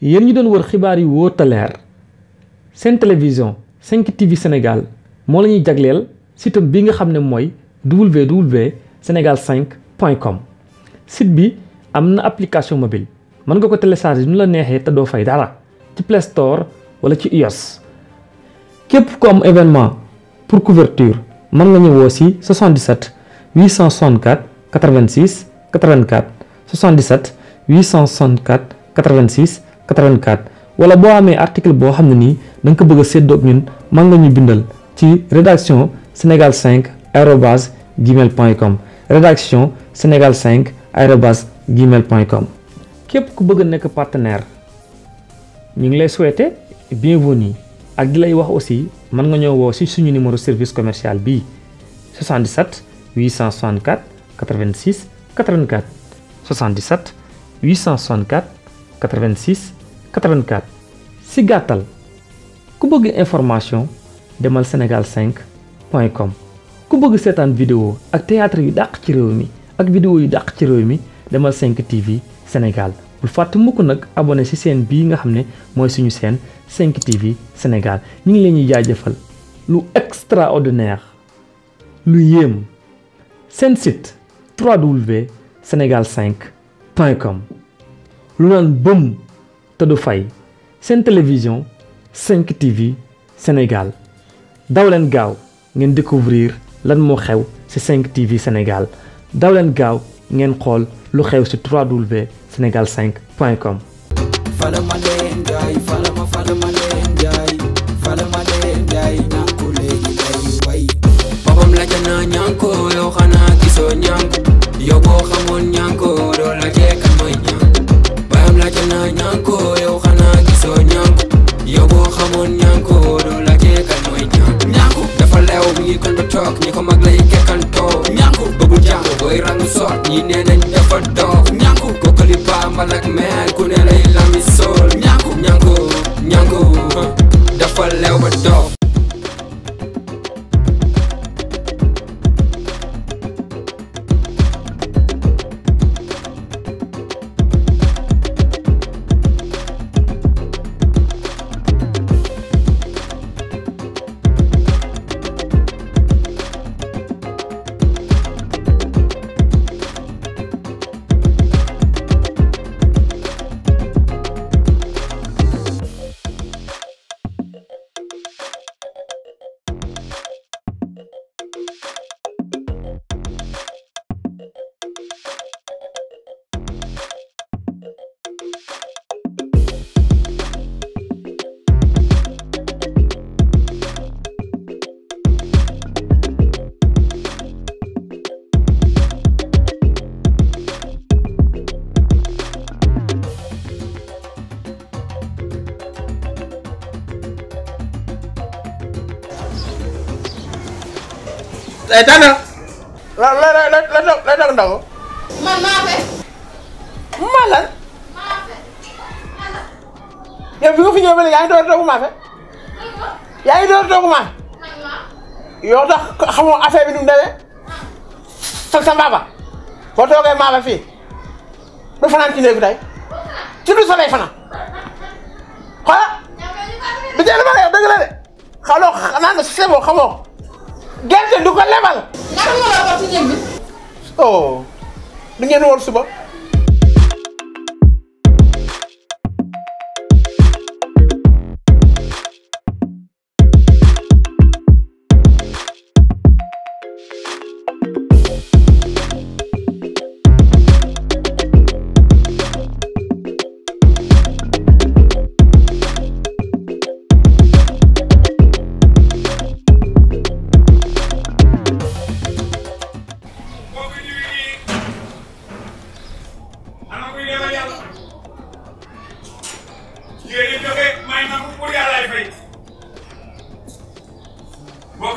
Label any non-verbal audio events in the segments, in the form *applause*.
yéen ñu doon wër xibaar yi wóor te seen télévision 5 TV Sénégal moo la ñuy jagleel site bi nga xam ne mooy www sénégal 5 point com site bi am na application mobile mën nga ko télécharger nu la neexee te doo fay dara ci Play Store wala ci iOS. képp ku am événement pour couverture mën nga ñëwoo si 77 864 86 84 77 864 86. 84 wala boo amee article boo xam ne nii da ko bëgg a séddoog ñun man nga ñu bindal ci rédaction sénégal 5 arobase gmail point com rédaction sénégal 5 arobase gmail point com képp ku bëgg nekk partenaire ñu ngi lay souhaiter bienvenue ak di lay wax aussi mën nga ñëw woo si suñu numéro service commercial bii 77 864 86 84 77 864 86 84 si Koubouge information demal senegal5.com Si com ku bëgg vidéo ak théâtre yu vidéo yu ci demal 5 TV Sénégal pour fàtte mukk nak abonné ci bi nga xamné suñu 5 TV Sénégal ngi lu extraordinaire lu yem Sensit. site www.senegal5.com lu de fay une télévision 5 TV Sénégal Daoulen leen n'y découvrir lan moo xew 5 TV Sénégal daw leen n'y a un lu xew ci 3W sénégal 5 tey eh, tànn. la la la la la la la ndogu. man maa nga fi ñëw yaa ngi door a toogu yaa ngi door a toogu maa. tax xamoo affaire bi nu mu demee. tag ah. sa mbaaba. boo toogee maa fii. du fanaan ci néegu tey. ci du soleil fanaan. xoola. bi tey dama lay wax dëgg la de. xaloo xanaa ne c'est xamoo. gerte du ko lebal. ndax mu la ko ci néeg bi. oh du ngeen woon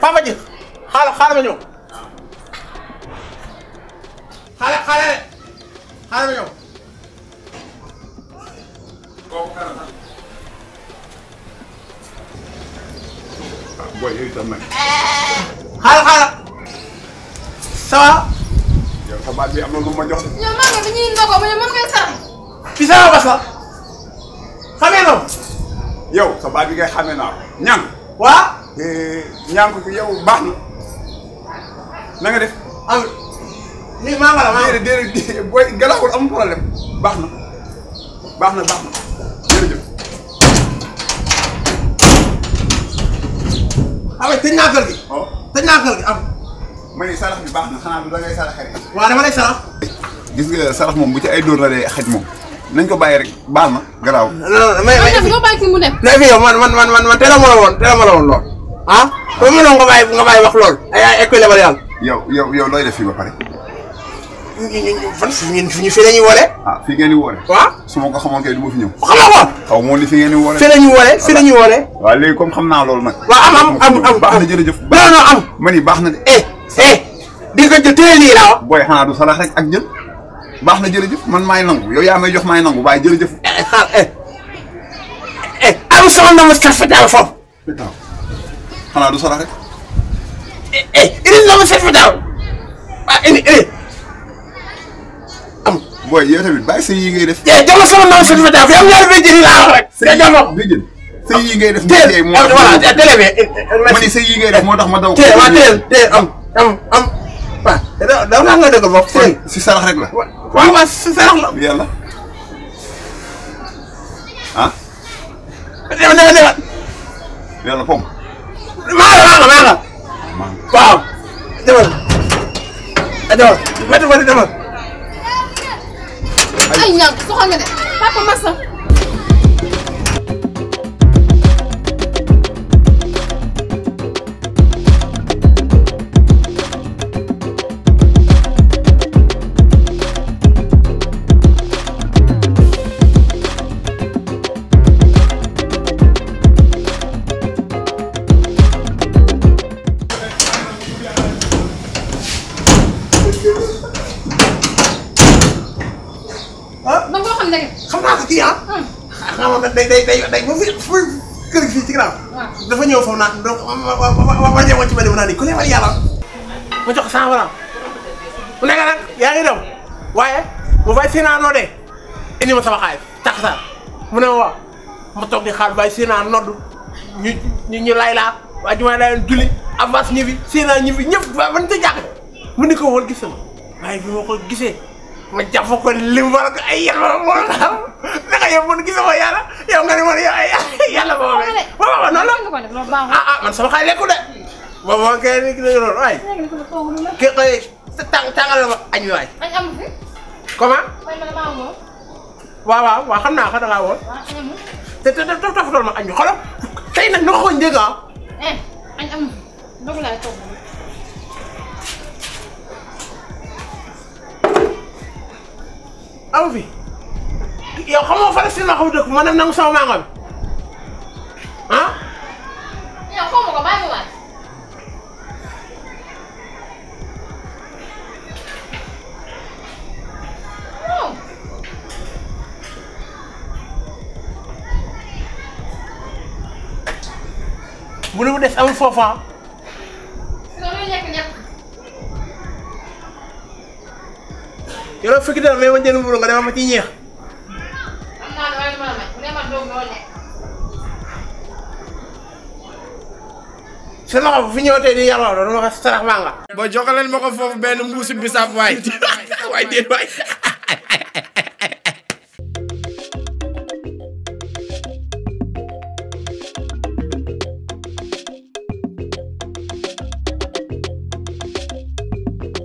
Papa ji xaaral xaaral ma ñëw. xaaral xaaral xaaral ma ñëw. booy yooyu tam nag. xaaral xaaral. ça va. yow sa baat bi am na lu ma jox. ñoom maa ngi ñuy ndogoo ba ñoom moom ngay sànq. fii sama bas la. xamee noonu. yow sa baat bi ngay xamee naa ñan. waa. Eh, ñaan ko yow baax na na nga def. am ah, ni maa wala maa. baax na baax na baax na jërëjëf. ah oui tëj naa kër gi. waaw oh. naa kër gi am. Ah. ma ne sarax bi baax na xanaa du da ngay sarax rek. waaw dama lay sarax. gis nga sarax moom bu ci ay dóor la dee xaj moom. nañ ko bàyyi rek baax na garaaw. non man man man man a ma la woon teel a ma la woon lool. ah ba mënoon nga bàyyi nga wax lool ay ay yow yow yow looy def fii ba pare. fan fi ngeen fi ñu fi la ñuy woolee. ah fi ngeen di woolee. waaw su ma ko xamoon kay du ma fi ñëw. xamoo ko. xaw ni fi ngeen di woolee. fi la ñuy comme xam naa loolu nag. waaw am am am am baax na jërëjëf. non non am. ma ni baax na de. eh eh di nga jël téye lii laa wax. booy xanaa du salax rek ak jël. baax na jërëjëf man maay nangu yow yaa may jox maay nangu waaye jërëjëf. xaar eh eh, eh eh am soxna ma sa fetaaw foofu. fetaaw. xanaa du sarax rek. eh Iris la ma seet fa daaw ah indi Iris am. booy yow tamit bàyyi sa yii ngay def. eh rek. te jox ma ko béy jëli. sa yii ngay def. Ah, yii ngay def moo tax ma daw. teel waaw teel teel am am am. waaw daw naa nga dëgg bopp teel. si sarax rek la. waaw waaw si sarax la. yàlla ah. yàlla pomp. maa maa waaw. demal demal météo demal. ay ñàkk soxal nga ne papa Massa. day day day moom fu kër gi fii ci ginnaaw. dafa ñëw foofu naan donc ma ci ma yàlla ma jox ko cent franc mu nekk nag yaa ngi dem waaye mu bàyyi Sénat noo dee indi ma sama xaalis mu ne ma waaw ma toog xaar bàyyi Sénat noddu ñu ñu ñu lay laa waa jumaa lay leen julli avance ñibbi Sénat ñibbi ñëpp ba ban ca jàkk mu ni ko woon gis waaye bi ma ko gisee. ma jàpp ko lim war ko ay yàlla war a am naka yow man gisuma yàlla yow nga ne man yow ay yàlla ba ma may. waaw man sama xaay lekku de. boobu man kay li nga doon waay. kii koy tàng tàngal la ma añ waay. añ amu fi. xam naa ko da ngaa woon. te te te toog ma añ mi xoolal tey nag naka ko njëkk ah. añ amu fi dugg amu fi yow xamoo fa la si ma xaw dëkk ma dem nangu sama mango bi ah. yow xaw ko bàyyi ma bu hmm. nu mu des amul foofa yoroo fukki dara mais ma jël mburu nga demal ma ci ñeex. sama xol fu ñëw tey di yàlla doon ma ko sarax maa nga. boo joxaleen ma ko foofu benn mbuusi bisaab waay *laughs* waay déet waay.